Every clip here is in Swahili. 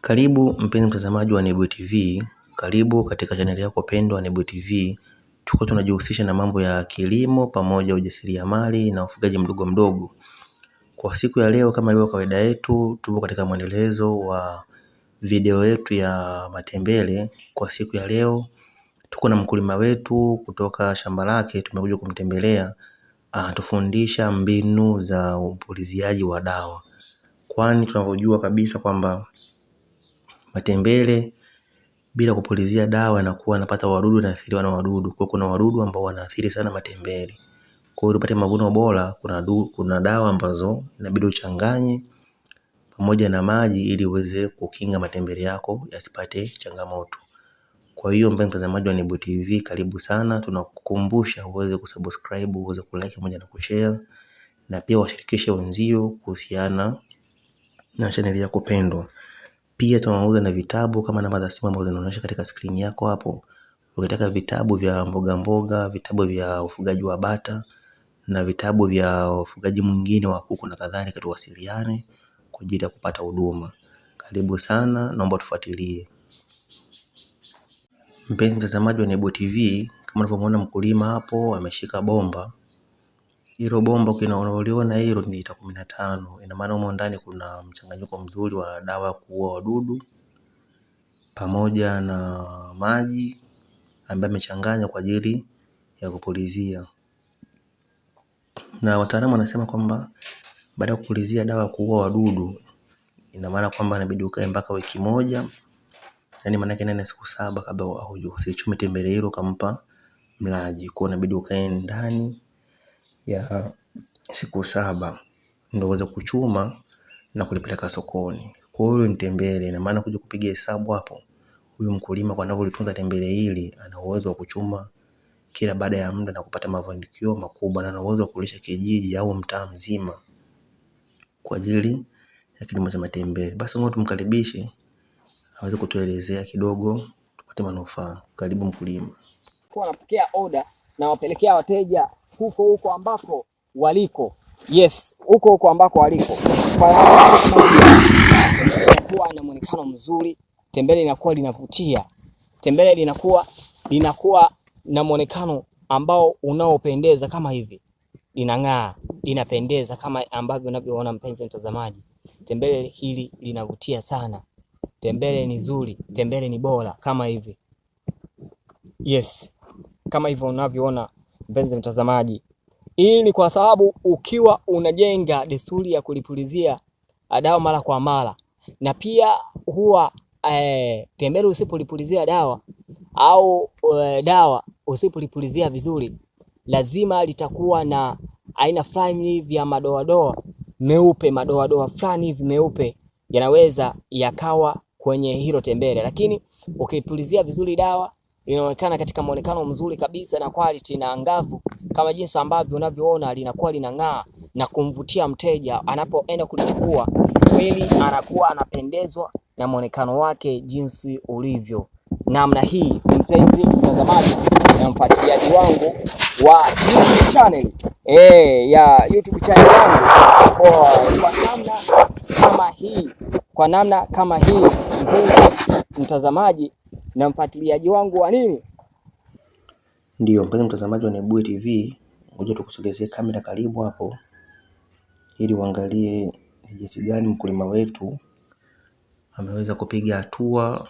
Karibu mpenzi mtazamaji wa Nebuye TV, karibu katika chaneli yako pendwa Nebuye TV. Tuko tunajihusisha na mambo ya kilimo pamoja ujasiriamali na ufugaji mdogo mdogo. Kwa siku ya leo, kama ilivyo kawaida yetu, tupo katika mwendelezo wa video yetu ya matembele. Kwa siku ya leo, tuko na mkulima wetu kutoka shamba lake, tumekuja kumtembelea, anatufundisha mbinu za upuliziaji wa dawa, kwani tunavyojua kabisa kwamba matembele bila kupulizia dawa inakuwa anapata wadudu athiriwa na wadudu. Kwa kuna wadudu ambao wanaathiri sana matembele. Kwa hiyo upate mavuno bora, kuna, kuna dawa ambazo inabidi uchanganye pamoja na maji ili uweze kukinga matembele yako yasipate changamoto. Kwa hiyo mpenzi mtazamaji wa Nebuye TV, karibu sana, tunakukumbusha uweze kusubscribe, uweze kulike pamoja na kushare na pia washirikishe wenzio kuhusiana na chaneli yako pendwa. Pia tunauza na vitabu kama namba za simu ambazo zinaonyesha katika skrini yako hapo. Ukitaka vitabu vya mboga mboga, vitabu vya ufugaji wa bata na vitabu vya ufugaji mwingine wa kuku na kadhalika, tuwasiliane kwa ajili ya kupata huduma. Karibu sana, naomba tufuatilie. Mpenzi mtazamaji wa Nebuye TV, kama unavyomwona mkulima hapo ameshika bomba hilo bomba unaoliona hilo ni lita kumi na tano. Ina maana humo ndani kuna mchanganyiko mzuri wa dawa ya kuua wadudu pamoja na maji ambayo amechanganya kwa ajili ya kupulizia. Na wataalamu wanasema kwamba baada ya kupulizia dawa ya kuua wadudu, ina maana kwamba inabidi ukae mpaka wiki moja, yani maana yake ya siku saba kabla haujusichumi tembele hilo ukampa mlaji, kwa inabidi ukae ndani ya siku saba ndio uweze kuchuma na kulipeleka sokoni. Kwa hiyo ni tembele, ina maana kuja kupiga hesabu hapo, huyu mkulima kwa anavyolitunza tembele hili ana uwezo wa kuchuma kila baada ya muda na kupata mafanikio makubwa, na ana uwezo wa kulisha kijiji au mtaa mzima kwa ajili ya kilimo cha matembele. Basi ngoja tumkaribishe aweze kutuelezea kidogo, tupate manufaa. Karibu mkulima. Kwa anapokea oda na wapelekea wateja huko huko ambako waliko. Yes, huko huko ambako waliko. Kwa kuwa na muonekano mzuri, tembele linakuwa linavutia, tembele linakuwa linakuwa na muonekano ambao unaopendeza kama hivi, linang'aa, linapendeza kama ambavyo unavyoona mpenzi mtazamaji, tembele hili linavutia sana. Tembele ni zuri, tembele ni bora kama hivi. Yes, kama hivyo unavyoona mpenzi mtazamaji. Hii ni kwa sababu ukiwa unajenga desturi ya kulipulizia dawa mara kwa mara, na pia huwa e, tembele usipolipulizia dawa au e, dawa usipolipulizia vizuri, lazima litakuwa na aina fulani hivi ya madoadoa meupe, madoadoa fulani hivi meupe yanaweza yakawa kwenye hilo tembele, lakini ukipulizia vizuri dawa linaonekana katika muonekano mzuri kabisa na quality na angavu kama jinsi ambavyo unavyoona linakuwa linang'aa na kumvutia mteja anapoenda kulichukua, kweli anakuwa anapendezwa na muonekano wake jinsi ulivyo. Namna hii, mpenzi mtazamaji na mfuatiliaji wangu wa YouTube channel eh, ya YouTube channel yangu kwa namna kama hii, kwa namna kama hii, mpenzi mtazamaji na mfuatiliaji wangu wa nini. Ndio mpenzi mtazamaji wa Nebuye TV, ngoja tukusogezee kamera karibu hapo, ili uangalie ni jinsi gani mkulima wetu ameweza kupiga hatua.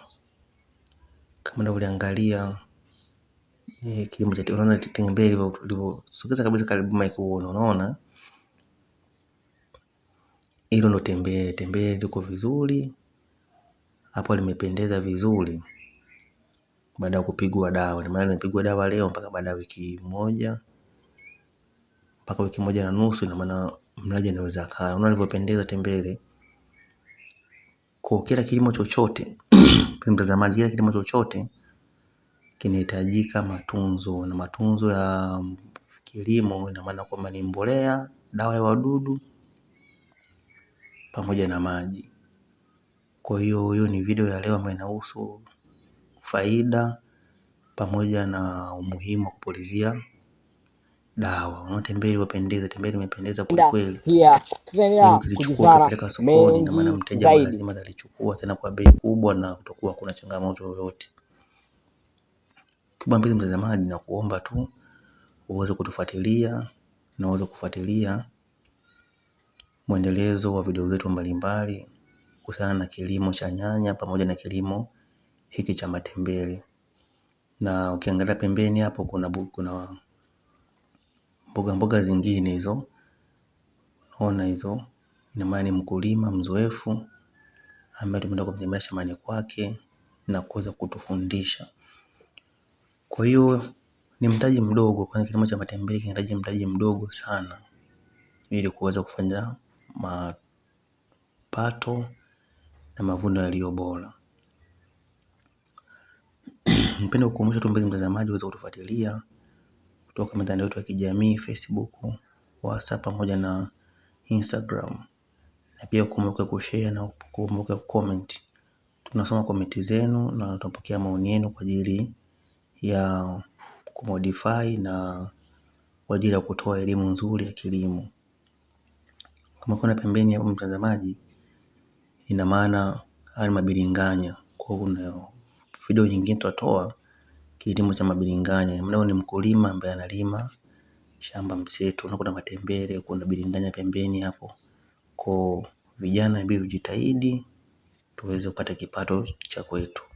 Kama unavyoangalia eh, kilimo cha unaona tembea sogeza kabisa karibu mike, unaona hilo ndo tembee tembee liko vizuri hapo, limependeza vizuri baada ya kupigwa dawa. Maana nimepigwa dawa leo mpaka baada ya wiki moja mpaka wiki moja na nusu, ina maana mlaji anaweza kaa. Unaona alivyopendeza tembele. Kwa kila kilimo chochote mtazamaji, kila kilimo chochote kinahitajika matunzo, na matunzo ya kilimo ina maana kwamba ni mbolea, dawa ya wadudu pamoja na maji. Kwa hiyo hiyo ni video ya leo ambayo inahusu faida pamoja na umuhimu wa kupulizia dawa. Unaona tembele imependeza, tembele imependeza kwa kweli. Pia tutaendelea kujizara na maana mteja lazima alichukua tena kwa bei kubwa na kutokuwa kuna changamoto yoyote. Kama mpenzi mtazamaji, na kuomba tu uweze kutufuatilia na uweze kufuatilia mwendelezo wa video zetu mbalimbali kuhusiana na kilimo cha nyanya pamoja na kilimo hiki cha matembele. Na ukiangalia pembeni hapo kuna kuna mboga mboga zingine hizo, ona hizo, ina maana ni mkulima mzoefu ambaye tumeenda kumtembelea shambani kwake na kuweza kutufundisha. Kwa hiyo ni mtaji mdogo, kwani kilimo cha matembele kinahitaji mtaji mdogo sana ili kuweza kufanya mapato na mavuno yaliyo bora. Nipende kukumbusha tu mpenzi mtazamaji uweze kutufuatilia kutoka mitandao yetu ya kijamii Facebook, WhatsApp pamoja na Instagram, na pia ukumbuke kushare na ukumbuke kucomment. Tunasoma komenti zenu na tunapokea maoni yenu kwa ajili ya kumodify na kwa ajili ya kutoa elimu nzuri ya kilimo. Kama kuna pembeni hapo mtazamaji, ina maana haya ni mabilinganya kwa hiyo video nyingine tutatoa kilimo cha mabilinganya. mnao ni mkulima ambaye analima shamba msetu na kuna matembele, kuna bilinganya pembeni hapo. Kwa vijana, inabidi ujitahidi tuweze kupata kipato cha kwetu.